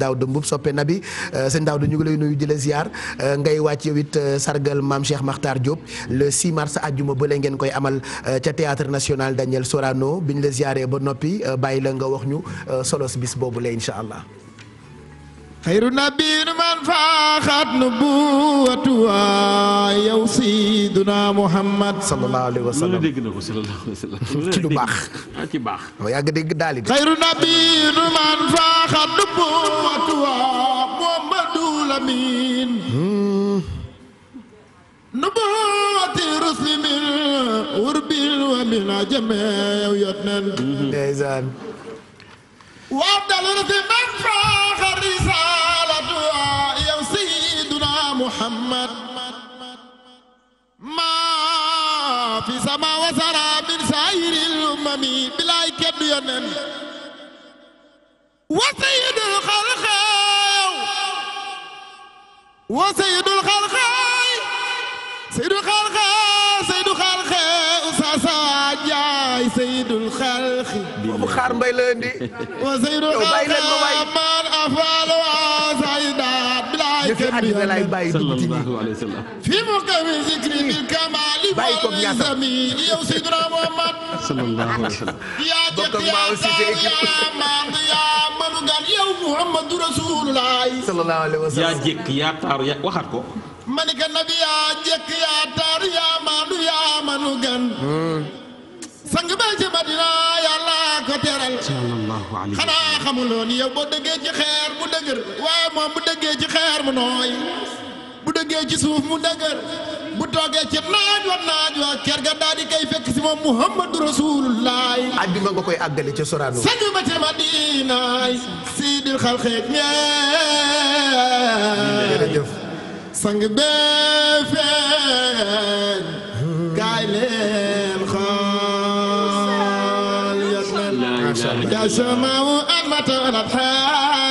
Daouda Mboup soppe nabi euh, sëñ Daouda ñu ngi lay nuyu di la ziar euh, ngay wàcc yow euh, sargal maam Cheikh Makhtar Diop le 6 mars àjjuma bële ngeen koy amal ca théâtre national Daniel Sorano biñ la ziaree ba noppi bàyyi la nga wax ñu solos bis boobu la incha allah. xayru nabiin man faaxaat nubuwatuwa yow siduna Muhammad sallallahu alayhi wa sallam dégg na ko sallallahu alayhi wa sallam ci lu baax ah, ci baax waaw yàgg dégg daali xayru nabiin man faaxaat nubuwatuwa Muhammadu Lamin hmm. nubuwati rusli min urbil wa min ajame yow yot nan hmm. ndeysaan waa dal rusli man faa sama wasara min saayiril umami bilaay keddu yonen wa sayyidul xalqa wa sayyidul xalqa sayyidul xalqa sayyidul xalqa usasa jaay sayyidul xalqi bu xaar mbay la indi wa sayyidul xalqa man afaal fekk àddina laay bàyyi dugg ci nii fi mu kawe zikri bi kamali bàyyi ko ñaata yow Seydina Muhammad sallallahu alayhi wa sallam yaa jëkk yaa saar yaa màng yaa mënu gan yow Muhammadu Rasulullah sallallahu alayhi wa sallam yaa jëkk yaa taaru yaa waxaat ko ma ni ka nabi yaa jëkk yaa taaru yaa màng yaa mënu gan hmm. sang baa ci Madina ko teral xanaa xamuloo ni yow boo dëggee ci xeer mu dëgër bu dëggee ci xeer mu nooy bu dëggee ci suuf mu dëgër bu toogee ci naaj wa naaj wa ker ga daal di koy si moom muhammadu rasulullaay àddina nga koy àggale ca soraano sañu ba ca madinaay siidil xalxeeg ñee sang bee يا سماء أنمت ونضحى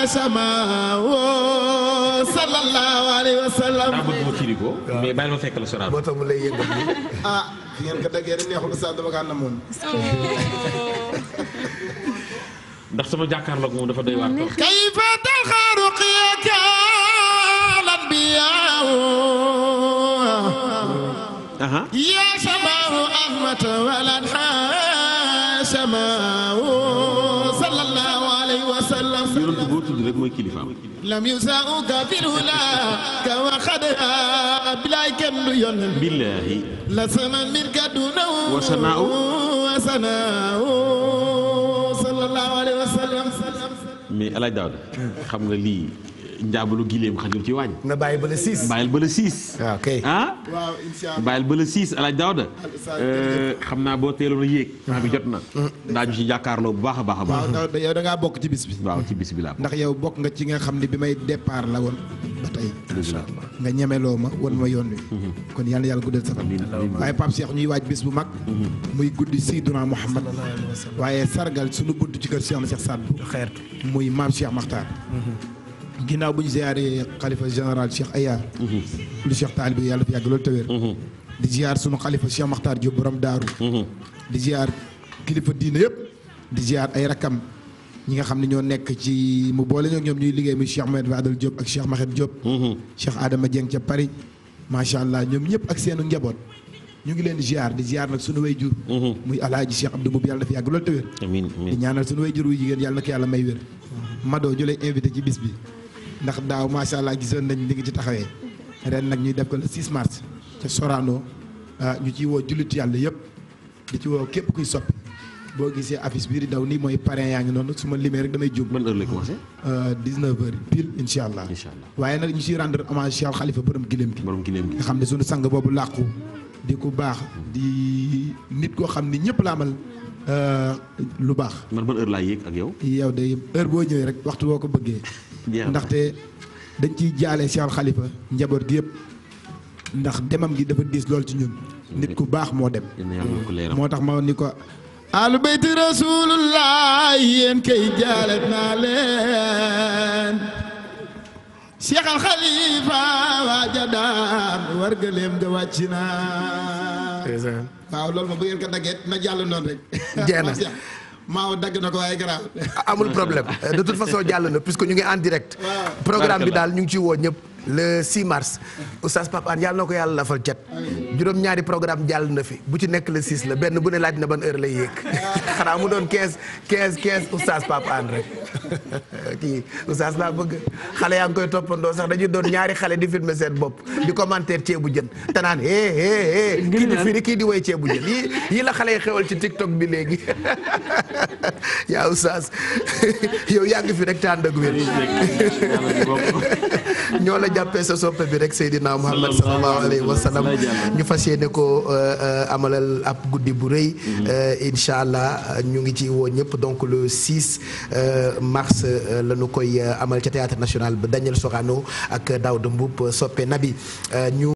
سماء صلى الله عليه وسلم daa bëgg ma kii di ko mais bàyyi ma fekk la soraat moo tax mu lay yëngal ah ngeen ko déggee rek neexul sax dama kaa namoon ndax sama jàkkaarloog moom dafa doy waar kayfa talxa ruqyaka lanbiyaa yaa samaahu ahmata walanhaa samaa'u sallallahu alayhi wa sallam yonent boo tudd rek mooy kilifaam lam yusaa'uka fil hulaa ka wa xadaa bilaay kenn du yonent billaahi la saman min ka dunaw wa sanaa'u wa sanaa'u sallallahu alayhi wa sallam mais alaaj daawda xam nga lii njaabalu gileem xajul ci waañ. na bàyyi ba le 6. bàyyil ba le 6. Ah, ah? euh, xam naa boo teeloon a yéeg. bi jot na. Mm-hmm. daañu ci jàkkaarloo bu baax baax baax. waaw yow da ngaa bokk ci bis bi. waaw ci ndax yow bokk nga ci nga xam ne bi may départ la woon ba tey. nga ñemeloo ma wan ma yoon wi. Mm-hmm. kon yal na yàlla guddal sa fan. waaye Pape Cheikh ñuy waaj bis bu mag. Mm-hmm. muy guddi Seydina Mouhamad. waaye sargal sunu bunt ci kër Cheikh Sadbou muy maam Cheikh Makhtar ginaaw bu ñu ziyaaree xalifa général Cheikh Ayar. lu Cheikh Taal bi yàlla fi yàgg loolu tawéer. di ziyaar sunu xalifa Cheikh Makhtar Diop borom daaru. di ziyaar kilifa diine yëpp. di ziyaar ay rakam ñi nga xam ne ñoo nekk ci mu boole ñoom ñuy liggéey muy Cheikh Mohamed Fadel Diop ak Cheikh Mahed Diop. Cheikh Adama Dieng ca Paris. macha allah ñoom ñëpp ak seenu njaboot. ñu ngi leen di ziar di ziar nag sunu way jur muy alaaji Cheikh Abdou Mboub yàlla na fi yàgg loolu te wér. amiin amiin di ñaanal yàlla yàlla may wér. Mado ci bis bi. ndax daaw macha allah gisoon nañ li nga ci taxawee ren nag ñuy def ko le 6 mars ca Sorano ah, ñu ci woo jullit yàlla yëpp di ci woo képp kuy soppi boo gisee affiche bii di daw nii mooy parrain yaa ngi noonu su ma limee rek damay jóg. ban heure lay commencé. 19h ah, incha allah. incha allah waaye nag ñu ciy rendre hommage Cheikh Khalifa borom gileem gi. borom gileem gi nga xam ne suñu sang boobu làqu di ku baax di nit koo xam ni ñëpp la amal. Ah, lu baax. man ban heure laay yéeg ak yow. yow day heure boo ñëwee rek waxtu woo ko bëggee. ndaxte dañ ciy jaale Cheikh xalifa njaboot gi yëpp ndax demam gi dafa diis lool ci ñun nit ku baax moo dem moo tax ma ni ko alu bayti rasulullah yéen kay jaalet naa leen Cheikh Al waa jadaan wargaleem nga wàcc naa waaw loolu ma bu ngeen ko daggee na jàll noonu rek jeex na maaw dagg na ko waaye garaaw amul problème de toute façon jàll na puisque ñu ngi en direct programme bi daal ñu ngi ciy woo ñëpp le 6 mars oustaz Pape Hann na ko yàlla la lafal cat juróom-ñaari programme jàll na fi bu ci nekk le 6 la benn bu ne laaj na ban heure lay yéeg xanaa mu doon 15 15 15 oustaz Pape Hann rek kii oustaz laa bëgg xale yaa ngi koy toppandoo sax dañuy doon ñaari xale di filmer seen bopp di commentaire ceebu jën te hé hé hé kii di firi kii di woy ceebu jën yii la xale yi xewal ci TikTok bi léegi yaa oustaz yow yaa ngi fi rek tànn ak wér ñoo la jàppee sa soppe bi rek Seydina Muhammad sallallahu alayhi wa ñu fas yéene ko euh, amalal ab guddi bu rëy mm-hmm. euh, incha allah ñu ngi ci woo ñëpp donc le 6 euh, mars la ñu koy amal ca théâtre national ba Daniel Sorano ak Daouda Mboup soppe nabi ñu